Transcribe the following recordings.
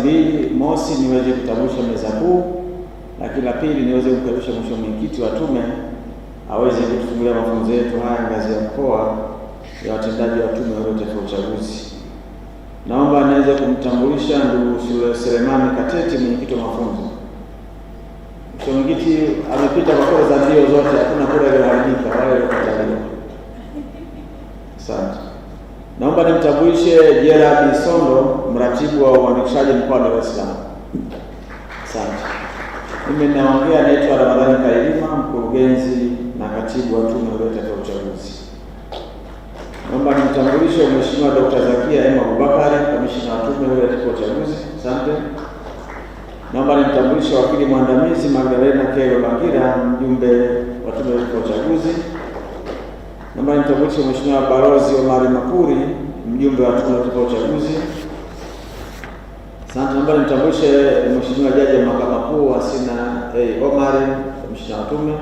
mbili, mosi niweze kutambulisha meza kuu, lakini la pili niweze kumkaribisha mwisho mwenyekiti wa tume aweze kutufungulia mafunzo yetu haya ngazi ya mkoa ya watendaji wa tume ya uchaguzi. Naomba niweze kumtambulisha ndugu Selemani kateti mwenyekiti wa mafunzo. Mwisho mwenyekiti amepita kwa kura za ndio zote, hakuna kura iliyoharibika wala iliyokutajwa. Asante. Naomba nimtambulishe Gerard Sondo, mratibu wa uandikishaji mkoa wa Dar es Salaam. Asante. Mimi ninaongea, naitwa Ramadhani Kailima, mkurugenzi na katibu wa Tume Huru Uchaguzi. Naomba nimtambulishe Mheshimiwa Dr. Zakia Emma Abubakari, kamishina wa Tume Huru ya Uchaguzi. Asante. Naomba nimtambulishe wakili mwandamizi Magdalena Kero Bangira, mjumbe wa Tume Huru ya Uchaguzi. Naomba nimtambulishe Mheshimiwa Balozi Omari Makuri, mjumbe wa Tume Huru ya Uchaguzi. Asante. Naomba nimtambulishe Mheshimiwa Jaji wa Mahakama Kuu Hasina A. Eh, Omari, Kamishna wa Tume.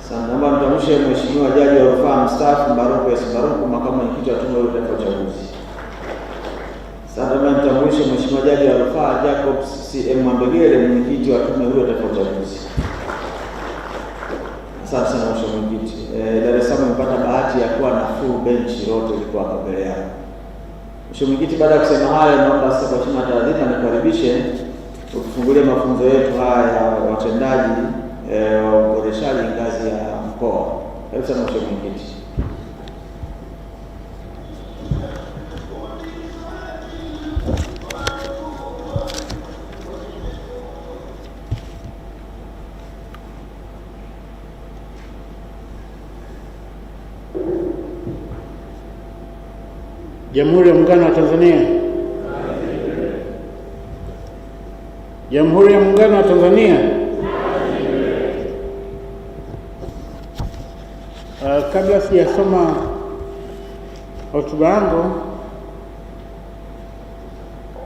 Asante. Naomba nimtambulishe Mheshimiwa Jaji wa Rufaa Mstaafu Mbaruku S. Mbaruku, Makamu Mwenyekiti wa Tume Huru ya Uchaguzi. Asante. Naomba nimtambulishe Mheshimiwa Jaji wa Rufaa Jacobs C. M. Mwambegele, Mwenyekiti wa Tume Huru ya Uchaguzi. Asante sana mheshimiwa mwenyekiti. Eh, Dar es Salaam imepata bahati ya kuwa na full bench lote liko hapa mbele yako. Mheshimiwa mwenyekiti, baada ya kusema hayo, naomba sasa kwa heshima na taadhima nikukaribishe ukifungulia mafunzo yetu haya ya watendaji eh, wa uboreshaji ngazi ya mkoa. Karibu sana mheshimiwa mwenyekiti. Jamhuri ya Muungano wa Tanzania. Jamhuri ya Muungano wa Tanzania. Uh, kabla sijasoma hotuba yangu,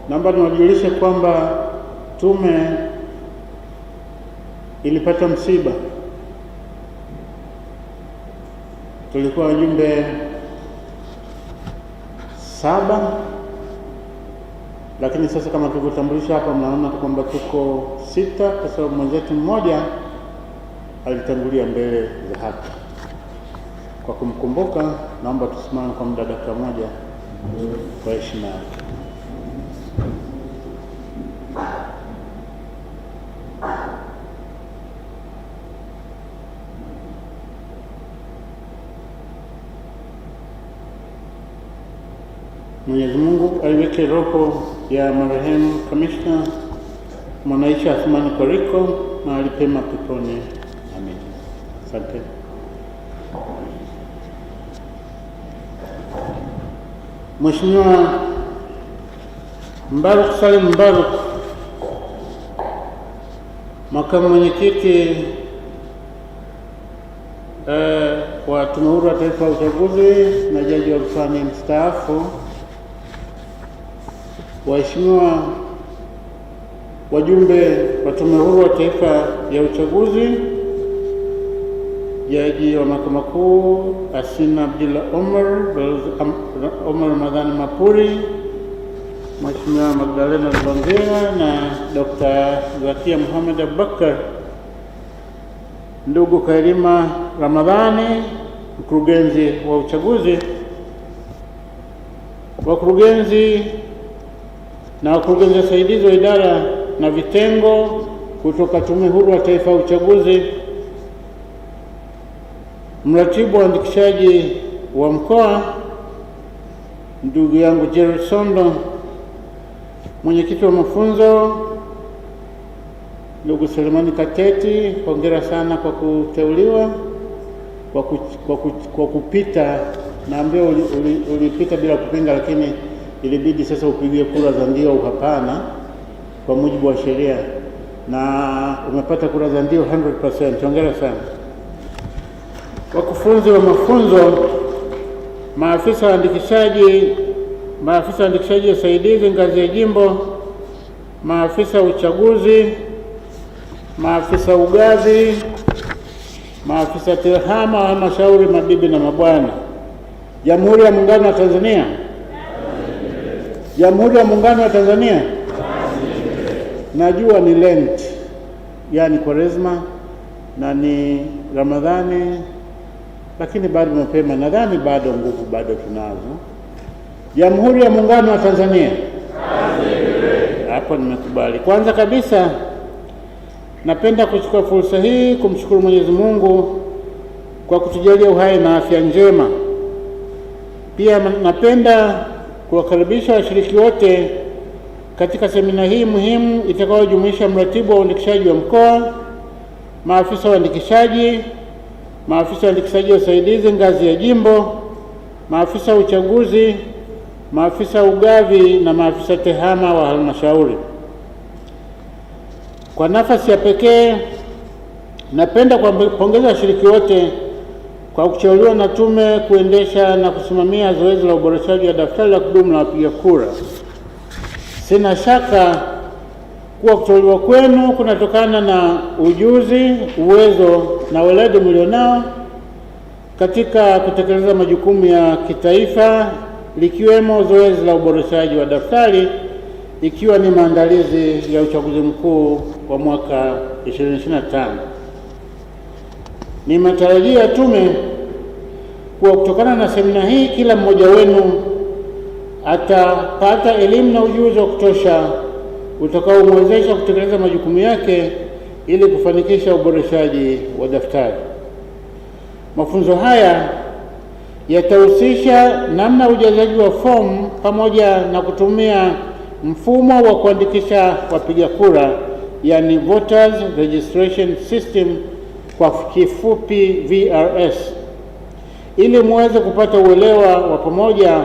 naomba niwajulishe kwamba tume ilipata msiba, tulikuwa wajumbe saba, lakini sasa kama tulivyotambulisha hapa, mnaona kwamba tuko sita kwa sababu mwenzetu mmoja alitangulia mbele za haki. Kwa kumkumbuka, naomba tusimame kwa muda dakika moja kwa heshima yake. yake ya marehemu kamishna Mwanaisha Athumani Koriko mahali pema peponi. Amen. Asante. Mheshimiwa Mbaruk Salim Mbaruk, makamu mwenyekiti eh, wa Tume Huru ya Taifa ya Uchaguzi na jaji wa rufani mstaafu Waheshimiwa wajumbe wa Tume Huru wa Taifa ya Uchaguzi, Jaji wa Mahakama Kuu Asina Abdilla Omar, Omar Ramadhani Mapuri, Mheshimiwa Magdalena Lubangera na Dr. Zakia Muhammad Abubakar, ndugu Karima Ramadhani, mkurugenzi wa uchaguzi, wakurugenzi na wakurugenzi wasaidizi wa idara na vitengo kutoka Tume Huru ya Taifa ya Uchaguzi, mratibu wa uandikishaji wa mkoa ndugu yangu Jerry Sondo, mwenyekiti wa mafunzo ndugu Selemani Kateti, hongera sana kwa kuteuliwa, kwa, ku, kwa, ku, kwa kupita. Naambiwa ulipita uli, uli bila kupinga, lakini ilibidi sasa upigie kura za ndio au hapana kwa mujibu wa sheria, na umepata kura za ndio 100%. Hongera sana wakufunzi wa mafunzo, maafisa waandikishaji, maafisa waandikishaji wasaidizi ngazi ya jimbo, maafisa uchaguzi, maafisa ugavi, maafisa tehama wa halmashauri, mabibi na mabwana, Jamhuri ya Muungano wa Tanzania. Jamhuri ya Muungano wa Tanzania. Najua ni Lent, yaani Kwaresma na ni Ramadhani, lakini bado mapema, nadhani bado nguvu bado tunazo. Jamhuri ya Muungano wa Tanzania, hapo nimekubali. Kwanza kabisa, napenda kuchukua fursa hii kumshukuru Mwenyezi Mungu kwa kutujalia uhai na afya njema. Pia napenda kuwakaribisha washiriki wote katika semina hii muhimu itakayojumuisha mratibu wa uandikishaji wa mkoa, maafisa uandikishaji maafisa uandikishaji wasaidizi ngazi ya jimbo, maafisa uchaguzi, maafisa ugavi na maafisa tehama wa halmashauri. Kwa nafasi ya pekee, napenda kuwapongeza washiriki wote kwa kuchaguliwa na Tume kuendesha na kusimamia zoezi la uboreshaji wa daftari la kudumu la wapiga kura, sina shaka kuwa kuteuliwa kwenu kunatokana na ujuzi, uwezo na weledi mlionao katika kutekeleza majukumu ya kitaifa likiwemo zoezi la uboreshaji wa daftari ikiwa ni maandalizi ya uchaguzi mkuu wa mwaka 2025. Ni matarajio ya Tume kuwa kutokana na semina hii kila mmoja wenu atapata elimu na ujuzi wa kutosha utakaomwezesha kutekeleza majukumu yake ili kufanikisha uboreshaji wa daftari. Mafunzo haya yatahusisha namna ujazaji wa fomu pamoja na kutumia mfumo wa kuandikisha wapiga kura, yani voters registration system kwa kifupi VRS, ili muweze kupata uelewa wa pamoja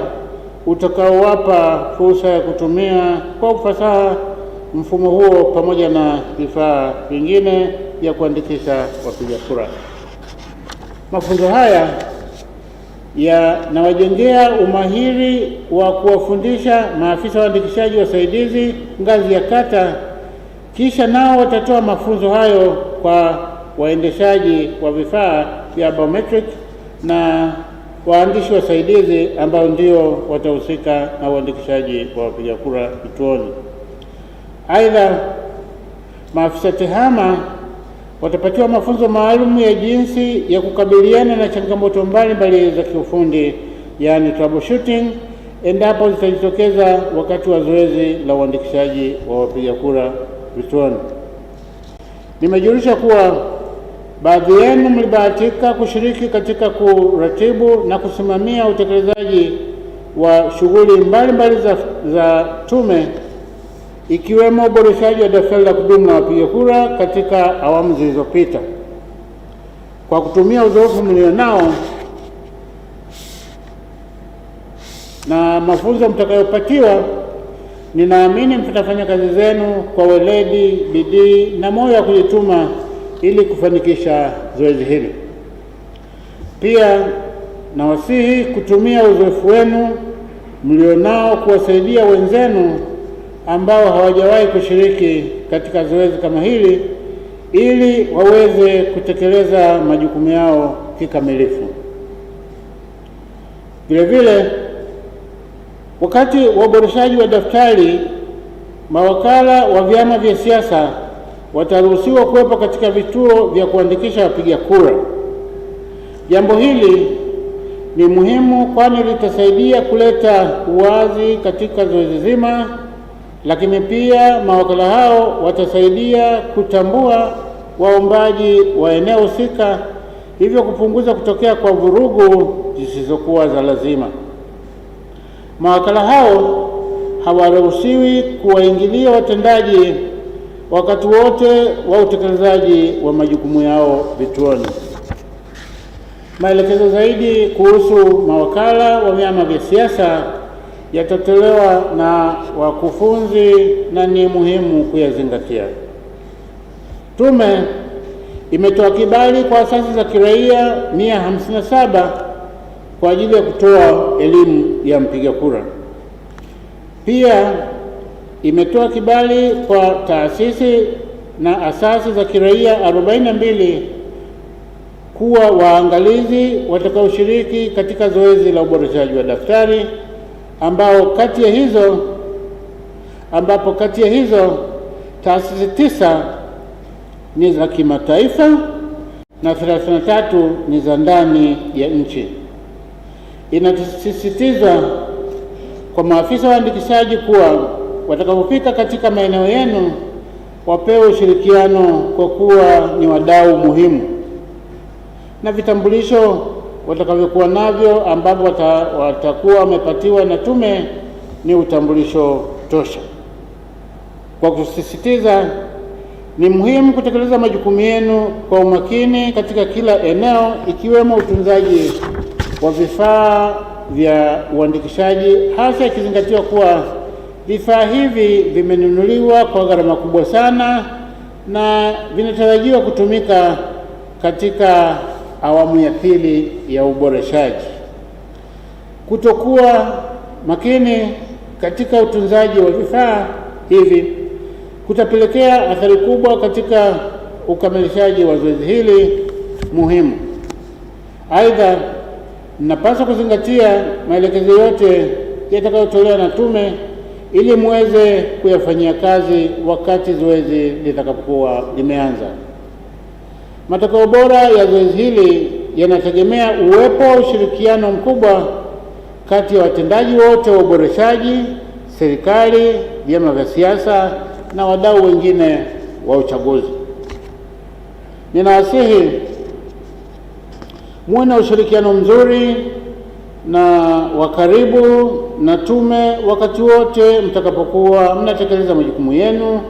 utakaowapa fursa ya kutumia kwa ufasaha mfumo huo pamoja na vifaa vingine vya kuandikisha wapiga kura. Mafunzo haya yanawajengea umahiri wa kuwafundisha maafisa waandikishaji wasaidizi ngazi ya kata, kisha nao watatoa mafunzo hayo kwa waendeshaji wa vifaa vya biometric na waandishi wasaidizi ambao ndio watahusika na uandikishaji wa wapiga kura vituoni. Aidha, maafisa TEHAMA watapatiwa mafunzo maalum ya jinsi ya kukabiliana na changamoto mbalimbali za kiufundi, yaani troubleshooting, endapo zitajitokeza wakati wa zoezi la uandikishaji wa wapiga kura vituoni. Nimejulisha kuwa Baadhi yenu mlibahatika kushiriki katika kuratibu na kusimamia utekelezaji wa shughuli mbalimbali za, za tume ikiwemo uboreshaji wa daftari la kudumu la wapiga kura katika awamu zilizopita. Kwa kutumia uzoefu mlionao na mafunzo mtakayopatiwa, ninaamini mtafanya kazi zenu kwa weledi, bidii na moyo wa kujituma ili kufanikisha zoezi hili. Pia nawasihi kutumia uzoefu wenu mlionao kuwasaidia wenzenu ambao hawajawahi kushiriki katika zoezi kama hili ili waweze kutekeleza majukumu yao kikamilifu. Vilevile, wakati wa uboreshaji wa daftari, mawakala wa vyama vya siasa wataruhusiwa kuwepo katika vituo vya kuandikisha wapiga kura. Jambo hili ni muhimu, kwani litasaidia kuleta uwazi katika zoezi zima, lakini pia mawakala hao watasaidia kutambua waombaji wa eneo husika, hivyo kupunguza kutokea kwa vurugu zisizokuwa za lazima. Mawakala hao hawaruhusiwi kuwaingilia watendaji wakati wote wa utekelezaji wa majukumu yao vituoni. Maelekezo zaidi kuhusu mawakala wa vyama vya siasa yatatolewa na wakufunzi na ni muhimu kuyazingatia. Tume imetoa kibali kwa asasi za kiraia mia saba kwa ajili ya kutoa elimu ya mpiga kura. Pia imetoa kibali kwa taasisi na asasi za kiraia 42 kuwa waangalizi watakaoshiriki katika zoezi la uboreshaji wa daftari ambao kati ya hizo ambapo kati ya hizo taasisi tisa ni za kimataifa na 33 ni za ndani ya nchi. Inasisitizwa kwa maafisa waandikishaji kuwa watakapofika katika maeneo yenu wapewe ushirikiano kwa kuwa ni wadau muhimu, na vitambulisho watakavyokuwa navyo ambavyo watakuwa wamepatiwa na tume ni utambulisho tosha. Kwa kusisitiza, ni muhimu kutekeleza majukumu yenu kwa umakini katika kila eneo, ikiwemo utunzaji wa vifaa vya uandikishaji, hasa ikizingatiwa kuwa Vifaa hivi vimenunuliwa kwa gharama kubwa sana na vinatarajiwa kutumika katika awamu ya pili ya uboreshaji. Kutokuwa makini katika utunzaji wa vifaa hivi kutapelekea athari kubwa katika ukamilishaji wa zoezi hili muhimu. Aidha, napaswa kuzingatia maelekezo yote yatakayotolewa na Tume ili muweze kuyafanyia kazi wakati zoezi litakapokuwa limeanza. Matokeo bora ya zoezi hili yanategemea uwepo wa ushirikiano mkubwa kati ya watendaji wote wa uboreshaji, serikali, vyama vya siasa na wadau wengine wa uchaguzi. Ninawasihi muwe na ushirikiano mzuri na wakaribu na Tume wakati wote mtakapokuwa mnatekeleza majukumu yenu,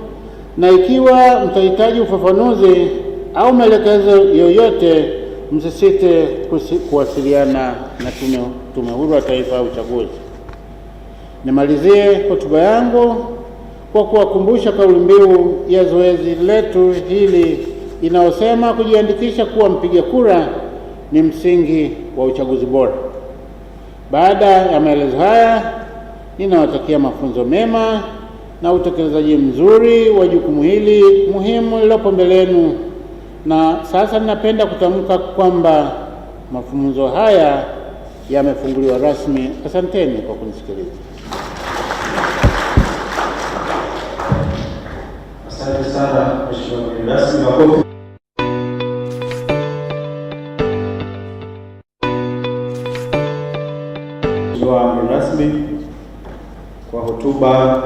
na ikiwa mtahitaji ufafanuzi au maelekezo yoyote, msisite kuwasiliana na Tume Tume Huru ya Taifa ya Uchaguzi. Nimalizie hotuba yangu kwa kuwakumbusha kauli mbiu ya zoezi letu hili inayosema kujiandikisha kuwa mpiga kura ni msingi wa uchaguzi bora. Baada ya maelezo haya, ninawatakia mafunzo mema na utekelezaji mzuri wa jukumu hili muhimu lililopo mbele yenu. Na sasa ninapenda kutamka kwamba mafunzo haya yamefunguliwa rasmi. Asanteni kwa kunisikiliza. Asante sana mheshimiwa mgeni rasmi. hotuba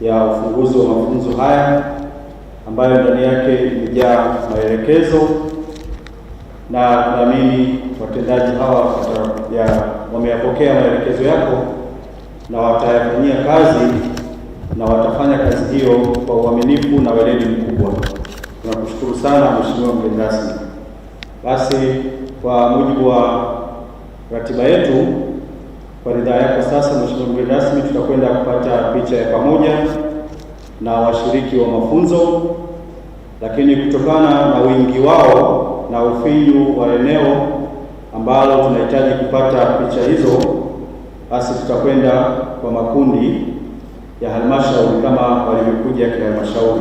ya ufunguzi wa mafunzo haya ambayo ndani yake imejaa maelekezo na naamini watendaji hawa wameyapokea maelekezo yako na watayafanyia kazi na watafanya kazi hiyo kwa uaminifu na weledi mkubwa. Tunakushukuru sana Mheshimiwa mgeni rasmi. Basi kwa mujibu wa ratiba yetu kwa ridhaa yako sasa, mheshimiwa mgeni rasmi, tutakwenda kupata picha ya pamoja na washiriki wa mafunzo, lakini kutokana na wingi wao na ufinyu wa eneo ambalo tunahitaji kupata picha hizo, basi tutakwenda kwa makundi ya halmashauri kama walivyokuja kihalmashauri,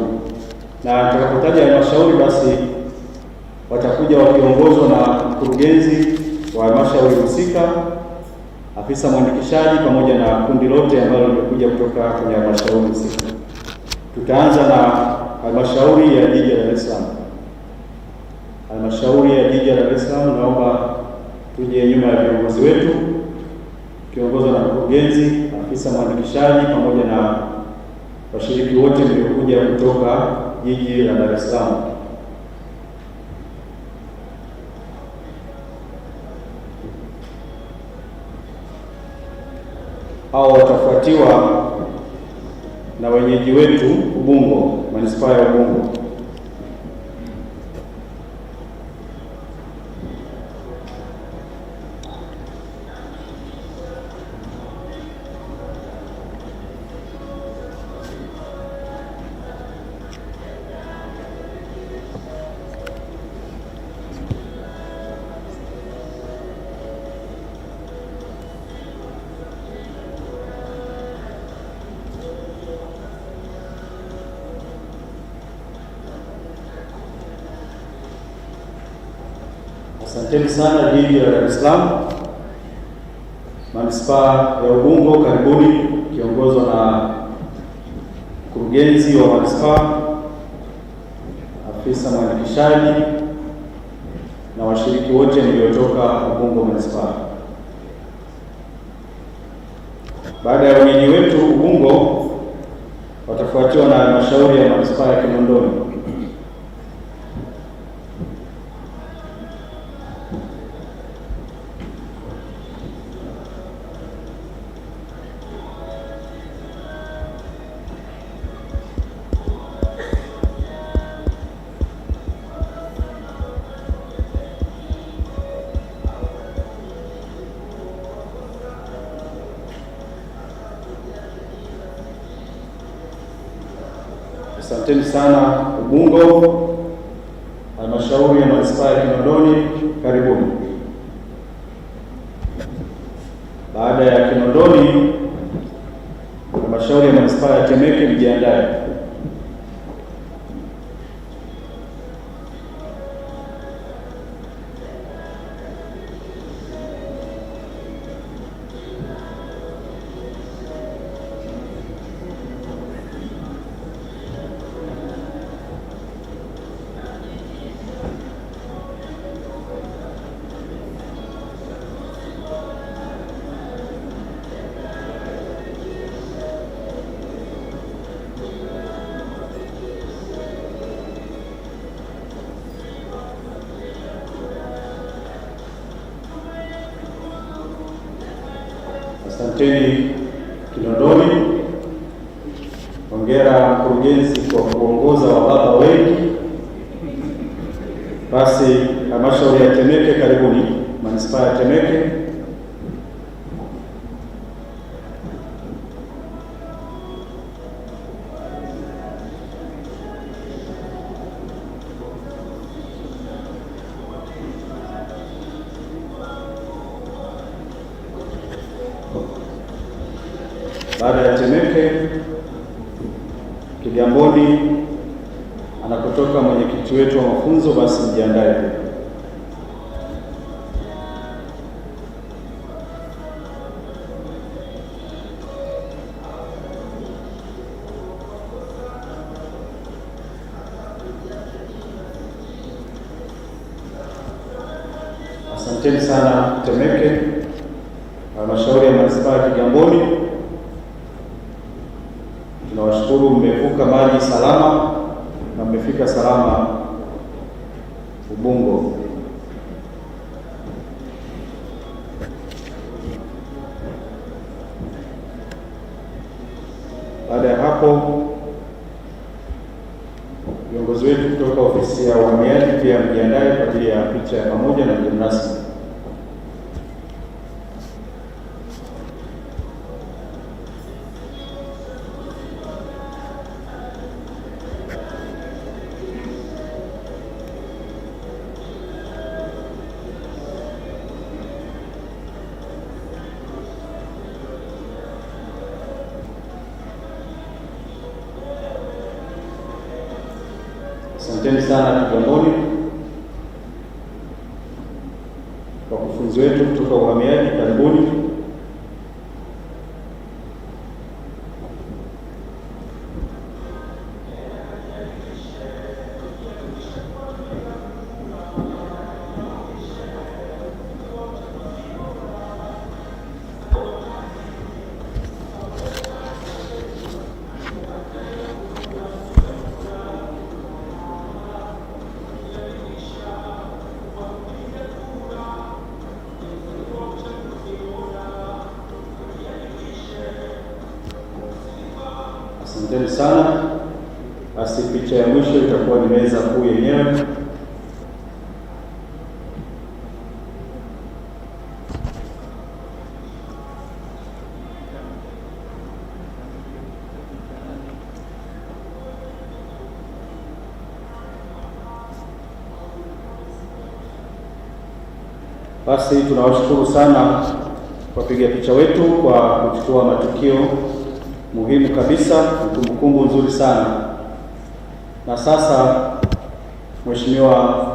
na tutakapotaja halmashauri basi watakuja wakiongozwa na mkurugenzi wa halmashauri husika afisa mwandikishaji pamoja na kundi lote ambalo limekuja kutoka kwenye halmashauri husika. Tutaanza na halmashauri ya jiji la Dar es Salaam. Halmashauri ya jiji la Dar es Salaam, naomba tuje nyuma ya viongozi wetu kiongozwa na mkurugenzi, afisa mwandikishaji pamoja na washiriki wote mliokuja kutoka jiji la Dar es Salaam. au watafuatiwa na wenyeji wetu Ubungo, manispaa ya Ubungo. Asanteni sana jiji la Dar es Salaam, manispaa ya Ubungo, karibuni kiongozwa na mkurugenzi wa manispaa, afisa mwandikishaji na washiriki wote mliotoka Ubungo manispaa. Baada ya wenyeji wetu Ubungo, watafuatiwa na halmashauri ya manispaa ya Kinondoni. Asanteni sana Ubungo, halmashauri ya manispaa ya Kinondoni, karibuni. Baada ya Kinondoni, halmashauri ya manispaa ya Temeke mjiandae. Kapteni Kinondoni. Hongera mkurugenzi kwa kuongoza wababa wengi. Basi halmashauri ya Temeke, karibuni manispaa ya Temeke. halmashauri ya manispaa ya Kigamboni, tunawashukuru mmevuka maji salama na mmefika salama Ubungo. Baada ya hapo, viongozi wetu kutoka ofisi ya uhamiaji pia mjiandae kwa ajili ya picha ya pamoja na mgeni rasmi. Asanteni sana Kigamboni, kufunzi wetu. Asanteni sana. Basi picha ya mwisho itakuwa ni meza kuu yenyewe. Basi tunawashukuru sana wapiga picha wetu kwa kuchukua matukio muhimu kabisa, kumbukumbu nzuri sana. Na sasa Mheshimiwa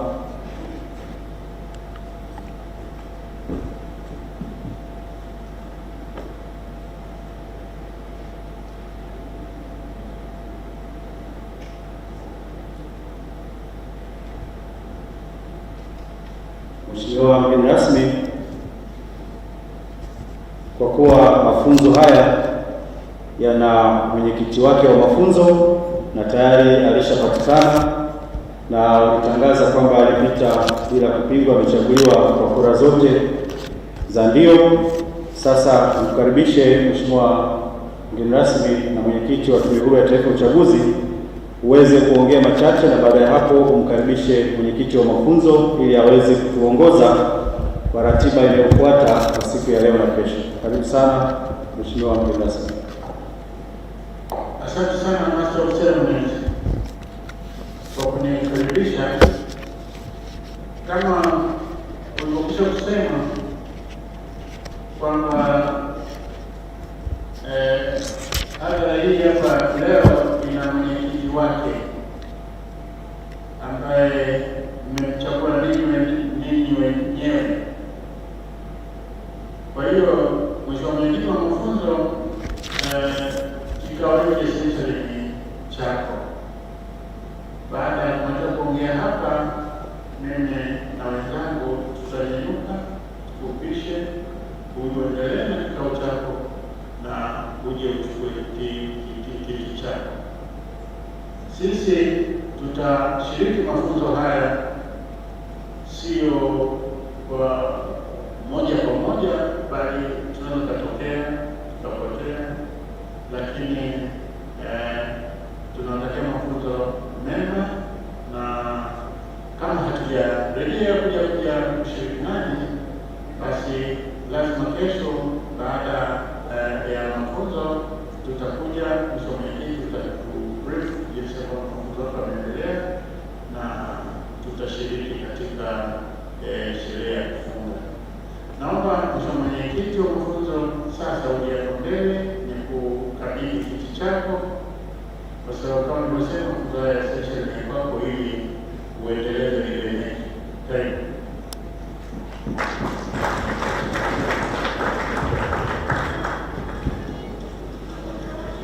Mheshimiwa mgeni rasmi, kwa kuwa mafunzo haya yana mwenyekiti wake wa mafunzo na tayari alishapatikana na alitangaza kwamba alipita bila kupingwa, amechaguliwa kwa kura zote za ndio. Sasa tumkaribishe Mheshimiwa mgeni rasmi na mwenyekiti wa Tume Huru ya Taifa ya Uchaguzi uweze kuongea machache, na baada ya hapo umkaribishe mwenyekiti wa mafunzo ili aweze kutuongoza kwa ratiba inayofuata kwa siku ya leo na kesho. Karibu sana Mheshimiwa mgeni rasmi. asante sana masoseme kwa kunikaribisha kama usafirishaji. Sisi tutashiriki mafunzo haya sio kwa moja kwa moja, bali tunaweza katokea tukapotea, lakini eh, tunatakia mafunzo mema, na kama hatujarejea kuja kuja kushiriki basi lazima kesho baada eh, ya mafunzo tutakuja katika eh, sherehe ya kufunga. Naomba mheshimiwa mwenyekiti wa mafunzo sasa uje hapo mbele ni kukabidhi kiti chako, kwa sababu kama nilivyosema, mafunzo haya sasa ni kwako ili uendeleze ile neno.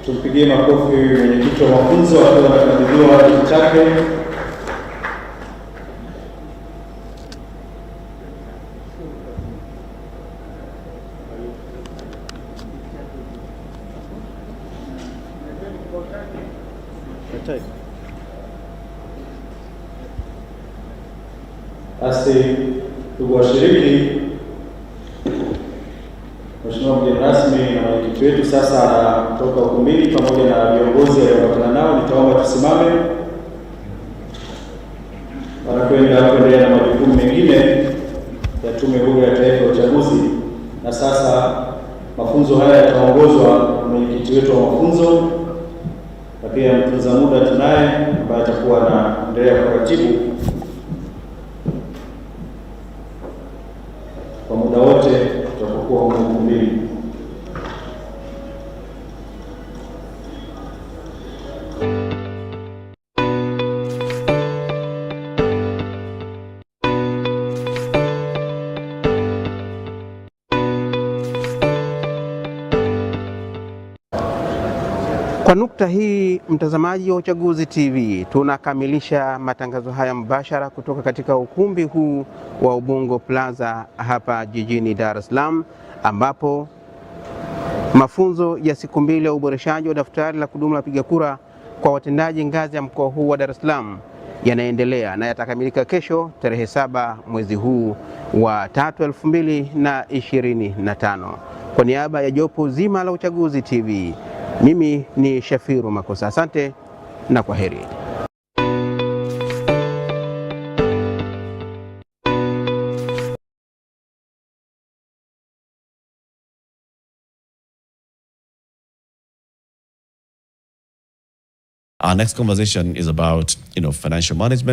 Tumpigie makofi mwenyekiti wa mafunzo akiwa anakabidhiwa kiti chake. wanakwenda kuendelea na majukumu mengine ya Tume Huru ya Taifa ya Uchaguzi, na sasa mafunzo haya yataongozwa na mwenyekiti wetu wa mafunzo na pia mtunza muda tunaye ambaye atakuwa anaendelea kuratibu kwa muda wote. nukta hii, mtazamaji wa Uchaguzi TV, tunakamilisha matangazo haya mbashara kutoka katika ukumbi huu wa Ubungo Plaza hapa jijini Dar es Salaam, ambapo mafunzo ya siku mbili ya uboreshaji wa daftari la kudumu la piga kura kwa watendaji ngazi ya mkoa huu wa Dar es Salaam yanaendelea na yatakamilika kesho tarehe saba mwezi huu wa tatu elfu mbili na ishirini na tano. Kwa niaba ya jopo zima la Uchaguzi TV mimi ni Shafiru Makosa, asante na kwa heri. Our next conversation is about, you know, financial management.